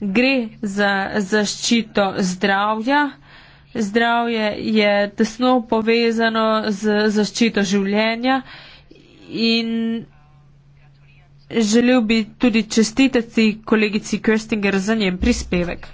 gre za zaščito zdravja. Zdravje je tesno povezano z zaščito življenja in želel bi tudi čestitati kolegici Kerstinger za njen prispevek.